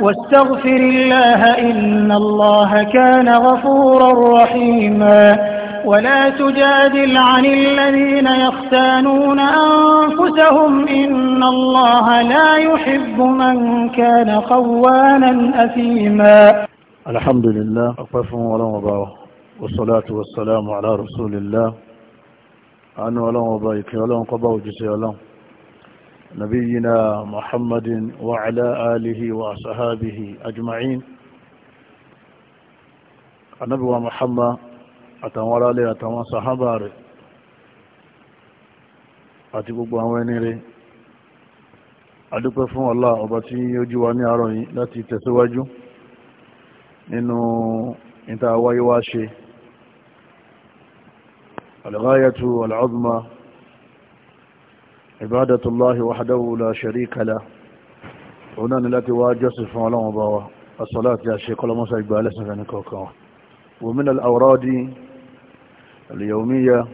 واستغفر الله إن الله كان غفورا رحيما ولا تجادل عن الذين يختانون أنفسهم إن الله لا يحب من كان خوانا أثيما الحمد لله أقفهم ولا مباوة والصلاة والسلام على رسول الله أنه ولا مبايك ولا مقبوج سيالله نبينا محمد وعلى آله وصحابه أجمعين النبي محمد أتنورى لي أتنوى صحابة àti gbogbo àwọn ẹni rẹ̀ adúpẹ́ fún Allah ọba tí ó jí wa ní àárọ̀ yìí láti tẹ̀síwájú nínú ìta wáyé wá ṣe al-ghayatu al-uzma عبادة الله وحده لا شريك له هنا التي واجس فعلا وضوا الصلاة يا شيخ الله موسى إقبال سنفنكوكا ومن الأوراد اليومية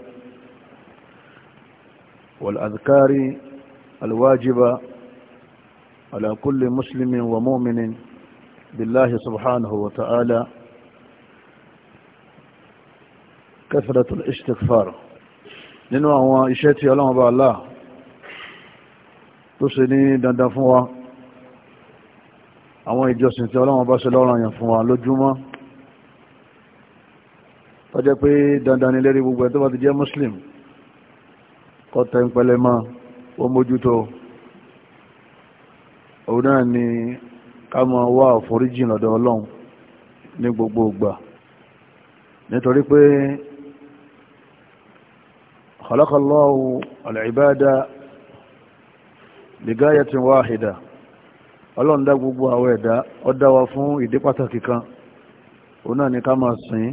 والأذكار الواجبة على كل مسلم ومؤمن بالله سبحانه وتعالى كثرة الاستغفار لأنه هو إشاتي الله tó ṣe ní dandan fún wa àwọn ìjọsìn tí ọlọ́wọ́n bá ṣe lọ́rọ̀ yàn fún wa lójúmọ́ tó jẹ́ pé dandan ni lérí gbogbo ẹ̀ tó bá ti jẹ́ muslim kó tẹ́ ń mọ́ ó mójútó òun náà ni ká máa wá àforíjì lọ́dọ̀ ọlọ́run ní gbogbo ìgbà nítorí pé khalaqallahu al-ibada lìgáyà tí wọ́n àhìdá ọlọ́run dá gbogbo àwọn ẹ̀dá ó dá wa fún ìdí pàtàkì kan òun náà ni ká máa sìn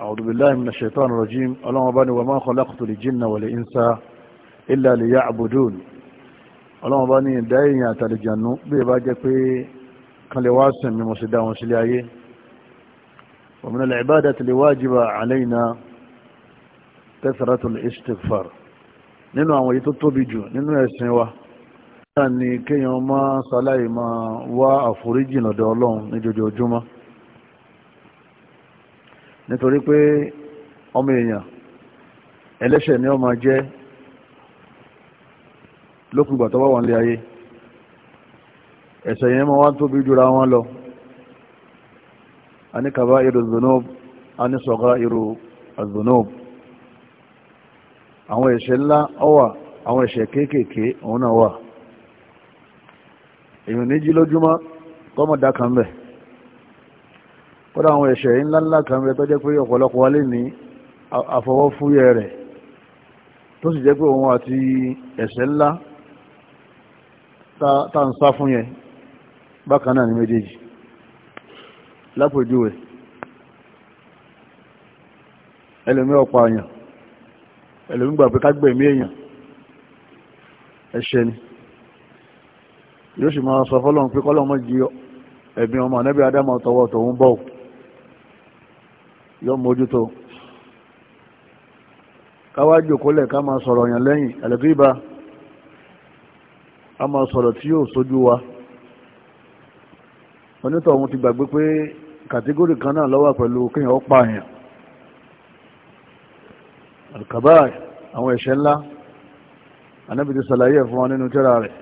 a'udhu billahi minash shaitani rajim ọlọ́run bá ní wa ma khalaqtul jinna wal insa illa liya'budun ọlọ́run bá ní ìdá èèyàn àtàlìjànú bí ẹ bá jẹ́ pé kan lè wá sìn mi mo sì dá wọn sílé ayé wa min al-ibadati al-wajiba alayna kathratul istighfar nínú àwọn èyí tó tóbi jù nínú ẹ̀sìn wa náà ni kéèyàn máa sáláì máa wá àforíjì lọ́dọ̀ ọlọ́run ní jojoojúmọ́ nítorí pé ọmọ èèyàn ẹlẹ́ṣẹ̀ ni ó máa jẹ́ lókùgbà tó bá wà nílé ayé ẹ̀ṣẹ̀ yẹn máa wá tóbi jura wọn lọ a ní kabairu dhunub a ní sagairu dhunub àwọn ẹ̀ṣẹ̀ ńlá ó àwọn ẹ̀ṣẹ̀ kéékèèké òun náà wà èyàn ní jí lójúmọ́ kọ́mọ̀dá kan bẹ̀ kọ́dá àwọn ẹ̀ṣẹ̀ ńláńlá kan bẹ̀ tó jẹ́ pé ọ̀pọ̀lọpọ̀ wálé ní àfọwọ́fúyẹ́ rẹ̀ tó sì jẹ́ pé òun àti ẹ̀ṣẹ̀ ńlá tá ń sá fún yẹn bákan náà ní méjèèjì lápòjúwe ẹlòmí ọ̀pọ̀ àyàn ẹlòmí gbà pé ká gbẹ̀mí èèyàn ẹ̀ṣẹ̀ ni yóò sì máa sọ fọ́lọ́n pé kọ́lọ́mọ́ jí ẹ̀bí ọmọ ànábì adámọ̀ tọwọ́ tòun bọ̀ yọ mójútó káwájú kólẹ̀ ká máa sọ̀rọ̀ yàn lẹ́yìn ẹ̀lẹ́gbíba a máa sọ̀rọ̀ tí yóò sójú wa onítọ̀hún ti gbàgbé pé kàtígórì kan náà lọ́wọ́ pẹ̀lú kíyàn ó pààyàn alkaba àwọn ẹ̀ṣẹ̀ ńlá anábì ti sàlàyé fún nínú tírà rẹ̀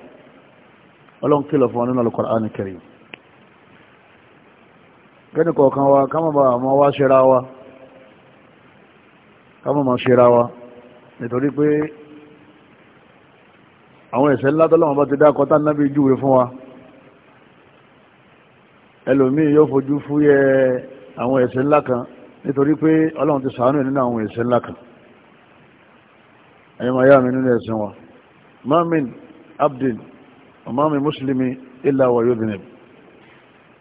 ọlọ́run kìlọ̀ fún wa nínú Al-Qur'an Karim kẹ́ni kọ̀ọ̀kan wa ká má bàa máa wá ṣera wa ká má máa ṣera wa nítorí pé àwọn ẹ̀ṣẹ̀ ńlá tọ́lọ́wọ́n bá ti dá kọ́tà nábì júwe fún wa ẹlòmíì yóò fojú fúyẹ́ àwọn ẹ̀ṣẹ̀ ńlá kan nítorí pé ọlọ́run ti ṣàánú nínú àwọn ẹ̀ṣẹ̀ ńlá kan ẹ̀yìn máa yá mi nínú ẹ̀sìn wa mamin abdul ọmọ mi mùsùlùmí ilà wà yóò bìnrin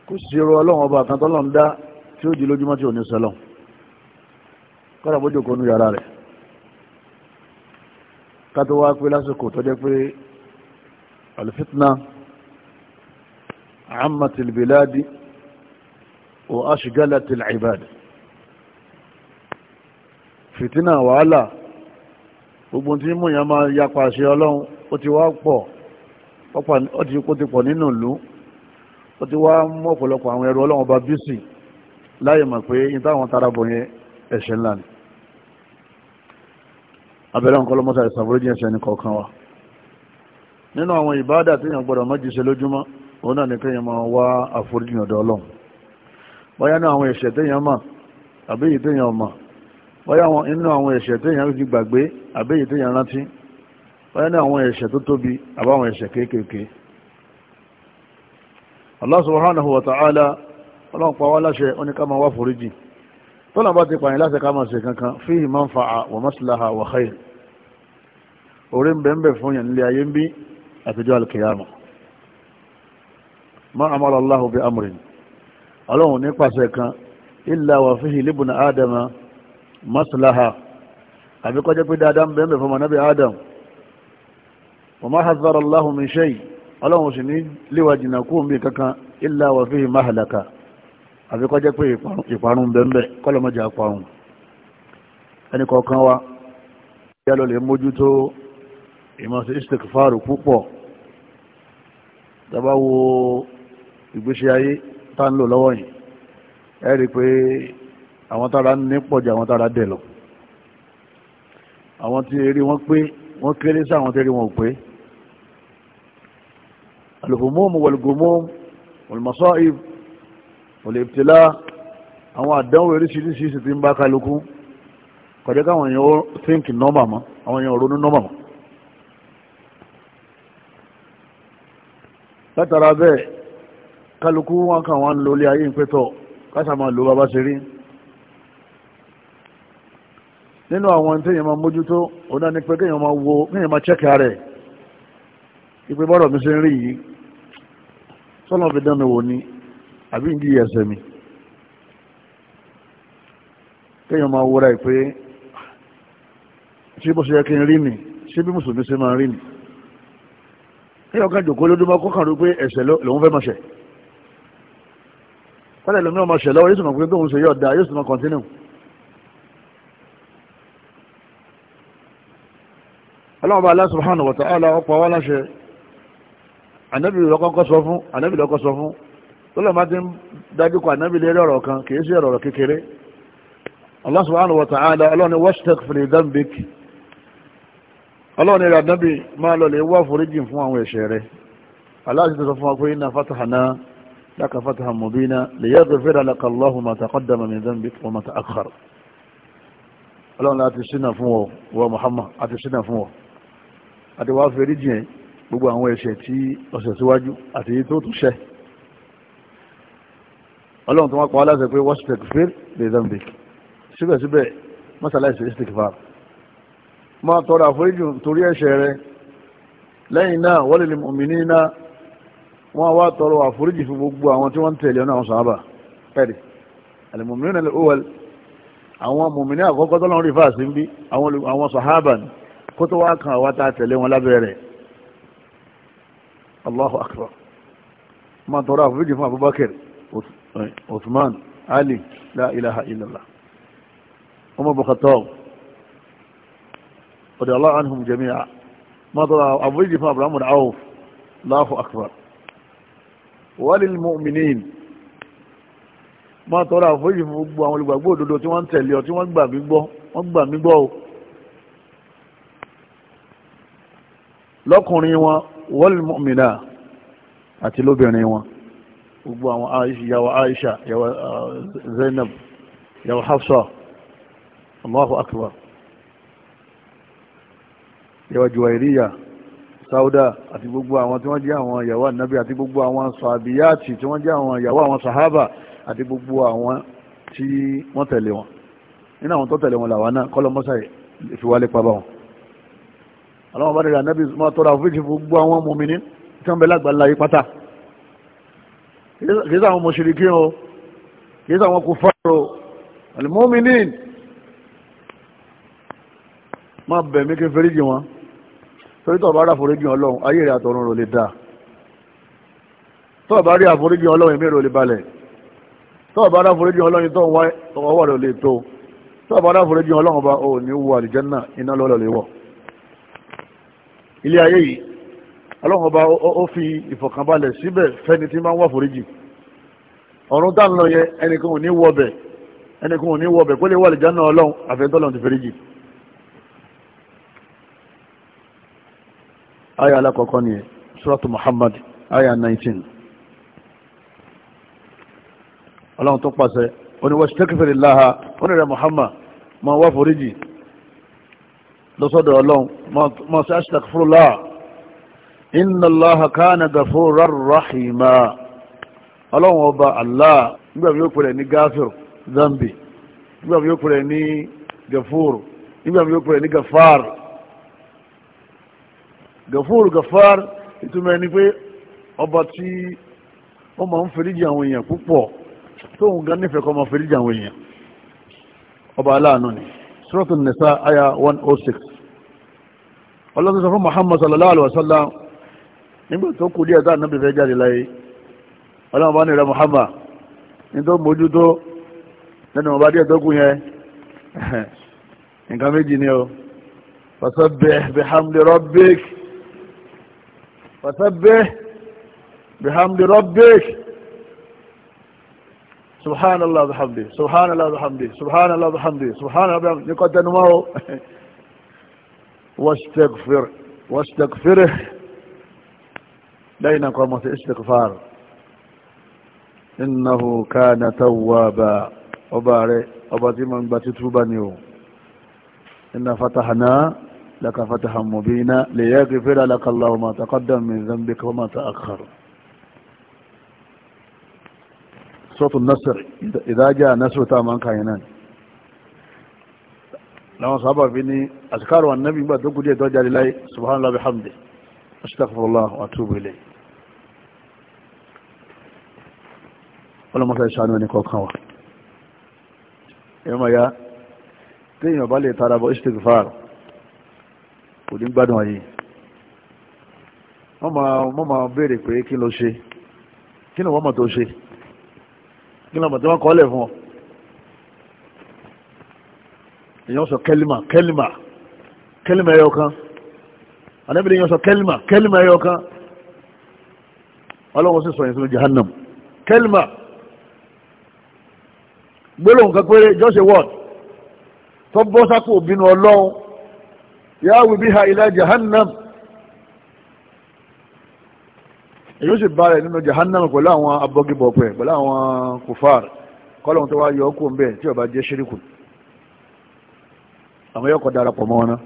kò sí irú ọlọ́run ọba kan tọ́lọ́run dá tí ó di lójúmọ́ tí ò ní sọlọ́ kọ́dà bójú kò nu yàrá rẹ̀ ká tó wá pé lásìkò tọ́jẹ́ pé alifitna amatil biladi o ashigalatil ibad fitina wàhálà gbogbo tí mú yàn máa yapa àṣẹ ọlọ́run ó ti wá pọ̀ ó ti kó ti pọ̀ nínú ìlú ó ti wá mú ọ̀pọ̀lọpọ̀ àwọn ẹrù ọlọ́run ọba bísì láyè mọ̀ pé ní táwọn tara bọ̀ yẹn ẹ̀ṣẹ̀ ńlá ni abẹ́rẹ́ nǹkan lọ́mọ́ta ìsàforíjì ẹ̀ṣẹ̀ ní kọ̀ọ̀kan wa nínú àwọn ìbáàdà tí èèyàn gbọ́dọ̀ mọ́jì ṣe lójúmọ́ òun náà ni kéèyàn máa wá àforíjì ọ̀dọ̀ ọlọ́run bóyá ní àwọn ẹ̀ṣẹ̀ téèyàn mọ̀ àbí èyí téèyàn mọ̀ bóyá nínú àwọn ẹ̀ṣẹ̀ téèyàn ti gbàgbé àbí èyí téèyàn rántí wọ́n ní àwọn ẹ̀ṣẹ̀ tó tóbi àbáwọn ẹ̀ṣẹ̀ kéékèèké Allah subhanahu wa ta'ala ọlọ́run pa wá láṣẹ ó ní ká máa wá foríjì tọ́lá bá ti pààyàn láṣẹ ká máa ṣe kankan fihi manfa'a wa maslaha wa khair orí ń bẹ̀ẹ́ fún yàn nílé ayé ń bí àtijọ́ ọmọ hazara Allahu min shay ọlọ́run sì ní léwà jìnnà kú omi kankan illa wa fihi mahlaka àfi kọjá pé ìparun bẹ́ẹ̀ kọ́lọ́mọjà parun ẹnì kọ̀ọ̀kan wa yálò lè mójútó ìmọ̀sí istikfaru púpọ̀ tàbá wo ìgbésí ayé tá ń lò lọ́wọ́ yìí ẹ rí pé àwọn tára ní pọ̀jù àwọn tára dẹ̀ lọ àwọn tí eré wọn pé wọ́n kéré sáwọn tẹ́lẹ̀ wọn ò pé alùhùmọ́ọ̀mù wàlùgùmọ́ọ̀mù wàlùmọ́sọ́ìb wàlùbtìlá àwọn àdánwò oríṣiríṣi sì ti ń bá kálukú kọjá káwọn èèyàn ó think normal mọ́ àwọn èèyàn ronú normal mọ́ látara bẹ́ẹ̀ kálukú wọn kàn wọ́n ń ayé ń pẹ́tọ̀ káṣà máa lo baba ṣe rí nínú àwọn tí èèyàn máa mójútó òun náà ni pé kéèyàn máa wo kéèyàn máa chẹ́kà rẹ̀ ìpè bọ́dọ̀ mi ṣe ń rí yìí sọ́nà fi dán mi wò ni àbí ń yí ẹsẹ̀ mi kéèyàn máa wúra ìpè ṣé bó ṣe yẹ kí n rí mi ṣé bí mùsùlùmí ṣe máa rí mi kéèyàn kan jòkó lójúmọ́ kó kàn rí pé ẹ̀ṣẹ̀ lòun fẹ́ máa ṣẹ̀ kọ́lẹ̀ lómi ọmọ ṣẹ̀ lọ́wọ́ yóò sì mọ̀ pé tóun ṣe yóò da yóò sì mọ̀ continue. ọlọ́ọ̀bá Allah subhanahu wa ta'ala ọ̀pọ̀ wá láṣẹ ànábì lọ́kọ́kọ́ sọ fún ànábì lọ́kọ́ sọ fún tó lọ́ọ̀ máa ti ń dájú kọ ànábì lérí ọ̀rọ̀ kan kìí sí ọ̀rọ̀ kékeré Allah subhanahu wa ta'ala ọlọ́ni wastaghfir dhanbik ọlọ́ni rẹ̀ ànábì máa lọ lè wá foríjì fún àwọn ẹ̀ṣẹ̀ rẹ̀ Allah ti sọ fún wa pé inna fatahna laka àti wàá fèrè jìn gbogbo àwọn ẹ̀ṣẹ̀ tí ọ̀sẹ̀ síwájú àti èyí tó tún ṣẹ̀ ọlọ́run tó wá pa aláṣẹ pé wọ́n ṣètò fèrè lè zambi síbẹ̀síbẹ̀ mọ́sálásì istikfar máa tọrọ àforíjì torí ẹ̀ṣẹ̀ rẹ lẹ́yìn náà wọ́n lè mọ̀mìnì náà wọ́n wá tọrọ àforíjì fún gbogbo àwọn tí wọ́n ń tẹ̀lé ọ̀nà àwọn sàábà pẹ̀lú àlẹ́mọ̀mìnì náà lè ó wọlé àwọn mọ̀mìnì àkọ́kọ́ tọ́lọ́run rí fáà sí ń bí àwọn sàhábà ni kó tó wá kan àwa tá a tẹ̀lé wọn lábẹ́ rẹ̀ Allahu akbar máa tọrọ àforíjì fún Abubakar eh, Usman Ali la ilaha illallah Umar bin Khattab radiyallahu anhum jami'a máa tọrọ àforíjì fún Abraham Awf Allahu akbar walil mu'minin máa tọrọ àforíjì fún gbogbo àwọn olùgbàgbọ́ òdodo tí wọ́n tẹ̀lé ọ tí wọ́n gbà mí gbọ́ lọ́kùnrin wọn wal mu'mina àti lóbìnrin wọn gbogbo àwọn yàwó Aisha yàwó uh, Zainab yàwó Hafsa Allahu akbar yàwó Juwairiya Sauda àti gbogbo àwọn tí wọ́n jẹ́ àwọn yàwó Ànábì àti gbogbo àwọn sàbíyàtì tí wọ́n jẹ́ àwọn yàwó àwọn sahaba àti gbogbo àwọn tí wọ́n tẹ̀lé wọn nínú àwọn tó tẹ̀lé wọn làwọn náà kọ́lọ́mọ́sà ìfiwálé bá wọn aláwọ̀ bá dẹ̀rẹ̀ anábì máa tọrọ àforíjì fún gbogbo àwọn mùmínì tí wọ́n bẹ lágbàlá yí pátá kìí sàwọn mùṣírikí o kìí sàwọn kùfàr o àlùmọ́mìnì máa bẹ̀ mí kí fẹ́ríjì wọn torí tọ́ọ̀ bá rí àforíjì ọlọ́run ayé rẹ̀ àtọ̀run rò lè dáa tọ́ọ̀ bá rí àforíjì ọlọ́run èmi rò lè balẹ̀ tọ́ọ̀ bá rí àforíjì ọlọ́run tó ń lè tó tọ́ọ̀ rí àforíjì ọlọ́run ọba ò ní wọ àlìjánnà iná lọ́lọ́ lè wọ̀ ilé ayé yìí ọlọ́run ọba ó fi ìfọ̀kànbalẹ̀ síbẹ̀ fẹ́ni tí máa ń wà foríjì ọ̀run tá ń lọ yẹ ẹnìkan ò ní wọbẹ̀ ẹnìkan ò ní wọbẹ̀ kó lè wà lìjánà ọlọ́run àfẹ́tọ́lọ́run ti foríjì. aya alákọ̀ọ́kọ́ ni suratu Muhammad aya 19 ọlọ́run tó pàṣẹ oníwọ̀sí tẹ́kẹ̀fẹ̀rẹ̀ láha onírẹ̀ Muhammad máa wá foríjì lọ́sọ́dọ̀ ọlọ́run mọ́ sí astaghfirullah inna allaha kana ghafurar rahima ọlọ́run ọba allah nígbàbí yóò pèrè ní gáfír zambi nígbàbí yóò pèrè ní gafur nígbàbí yóò pèrè ní gafar gafur gafar ìtumọ̀ ẹni pé ọba tí ó máa ń fèríjì àwọn èèyàn púpọ̀ tóun gan nífẹ̀ẹ́ kọ́ máa fèríjì àwọn èèyàn ọba aláàánú ni suratul nisa aya 106 ọlọ́run sọ fún muhammad sallallahu alaihi wasallam nígbà tó kù díẹ̀ dáa nábì fẹ́ jáde láyé ọlọ́run bá nìrẹ muhammad ní tó mójú tó nínú ọba díẹ̀ tó kù yẹn nǹkan méjì ni o fasabbih bihamdi rabbik fasabbih سبحان الله بحمده سبحان الله بحمده سبحان الله بحمده سبحان الله بحمده يقعد معه واستغفر واستغفره لين قومة استغفار إنه كان توابا وبارئ وباتي من باتتوبانيو إن فتحنا لك فتحا مبينا ليغفر لك الله ما تقدم من ذنبك وما تأخر sọ́tún nasir ìdájá nasir tá a máa ń kàyẹ̀ náà láwọn sábà fi ní àsìkárò annabi gbà tó kúdé tó jáde láyé subhanallah bihamdi astaghfirullah wa atubu ilayh ọlọ́mọsá ìṣàánú ẹni kọ̀ọ̀kan wa ẹ̀mọ̀ ya tí èèyàn bá lè tara bọ́ istighfar kò ní gbádùn ayé wọ́n máa béèrè pé kí ló ṣe kí kí ni ọmọ tí wọ́n kọ́ lẹ̀ fún ọ èèyàn sọ kẹlìmà kẹlìmà kẹlìmà ẹyọ kan àdébìnrin èèyàn sọ kẹlìmà kẹlìmà ẹyọ kan ọlọ́run sì sọ yẹn sínú jahannam kẹlìmà gbólóhùn kan péré just a word tó bọ́ sápò bínú ọlọ́run yáwù bíhà ilá jahannam. èyí ó sì bá rẹ̀ nínú jahannama pẹ̀lú àwọn abọ́gibọ̀pẹ̀ pẹ̀lú àwọn kùfàr kọ́lọ̀hún tó wá yọ ọkùn bẹ́ẹ̀ tí ó bá jẹ́ ṣíríkù àwọn yọkọ̀ darapọ̀ mọ́ wọn náà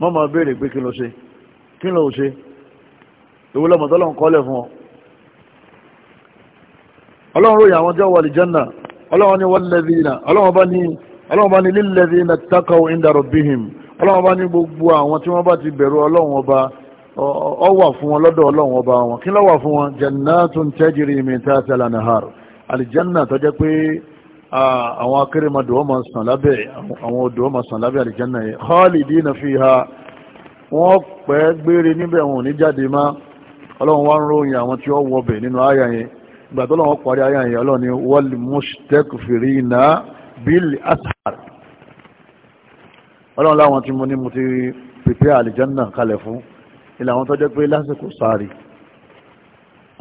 wọ́n máa béèrè pé kí ló ṣe kí ló ṣe ìwé lọ́mọ tó lọ́n kọ́lẹ̀ fún ọ ọlọ́run ròyìn àwọn tí ó wà lè jẹ́nà ọlọ́run ní wọ́n lẹ́dínà ọlọ́run bá ní lílẹ́dínà taqaw inda rabbihim ọlọ́run bá ní gbogbo àwọn tí wọ́n bá ti bẹ̀rù ọlọ́run ọba ọ wà fún wọn lọ́dọ̀ ọlọ́run ọba wọn kí ló wà fún wọn jannatun tajri min tahtiha al-anhar alìjánà tó jẹ́ pé àwọn akérèmọdò ọmọ sàn lábẹ́ àwọn odò ọmọ sàn lábẹ́ alìjánà yìí khalidina fiha wọ́n pẹ́ gbére níbẹ̀ wọn ò ní jáde má ọlọ́run wá ń ròyìn àwọn tí wọ́n wọbẹ̀ nínú àyà yẹn ìgbà tó lọ́wọ́ parí àyà yẹn ọlọ́run ni wal mustakfirina bil ashar ọlọ́run láwọn tí mo ní mo ti pèpè alìjánà kalẹ̀ fún ilẹ̀ àwọn tọ́jọ́ pé lásìkò sáàrì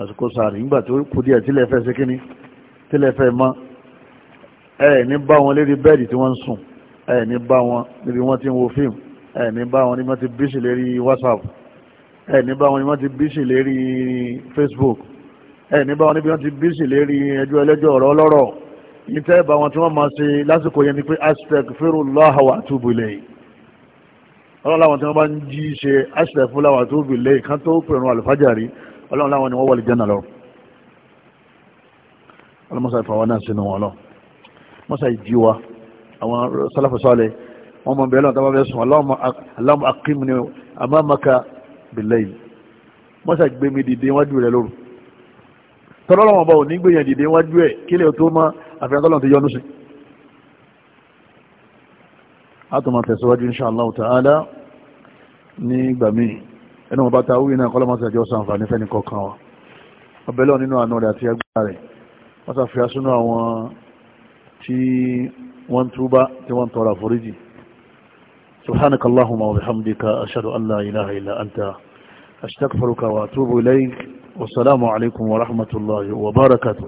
àsìkò sáàrì nígbà tó kù díẹ̀ tílẹ̀ fẹ́ ṣe kíní tílẹ̀ fẹ́ mọ́ ẹ̀ ní bá wọn lérí bẹ́ẹ̀dì tí wọ́n ń sùn ẹ̀ ní bá wọn níbi wọ́n ti ń wo fíìmù ẹ̀ ní bá wọn ní wọ́n ti bíṣì lérí whatsapp ẹ̀ ní bá wọn ní wọ́n ti bíṣì lérí facebook ẹ̀ ní bá wọn níbi wọ́n ti bíṣì lérí ẹjọ́ ẹlẹ́jọ́ ọ̀rọ̀ ọlọ́rọ̀ ìtẹ́ bá wọn tí wọ́n máa ṣe lásìkò yẹn ni pé aspect fẹ́rù lọ́hàwà túbúlẹ̀ yìí ọlọ́run láwọn tí wọ́n bá ń jí ṣe àṣìṣe fún láwọn tó bì lẹ́yìn kan tó pèrún àlùfájàrí ọlọ́run láwọn ni wọ́n wà lè jẹ́nà lọ ọlọ́mọsá ìfà wa náà sínú wọn lọ mọ́sá ìjí wa àwọn sálàfù sálẹ̀ wọ́n mọ̀ bẹ́ẹ̀ lọ́n tó bá fẹ́ sùn Allahumma aqimni amamaka bil-layl mọ́sá gbé mi dìde wájú rẹ̀ lóru tọ́lọ́lọ́wọ́n bá ò ní gbé yẹn dìde wájú ẹ̀ kílẹ̀ àtọ̀mọ̀ tẹ̀síwájú insha Allah ta'ala ní ìgbà míì ẹnu ọba ta wí náà kọ́lọ́mọ́sí àjọ sàǹfààní fẹ́ni kọ̀ọ̀kan wa ọbẹ̀lọ́ nínú àánú rẹ̀ àti agbára rẹ̀ wọ́n sàfihà súnú àwọn tí wọ́n túbá tí wọ́n tọrọ àforíjì subhanaka allahumma wa bihamdika ashhadu an la ilaha illa anta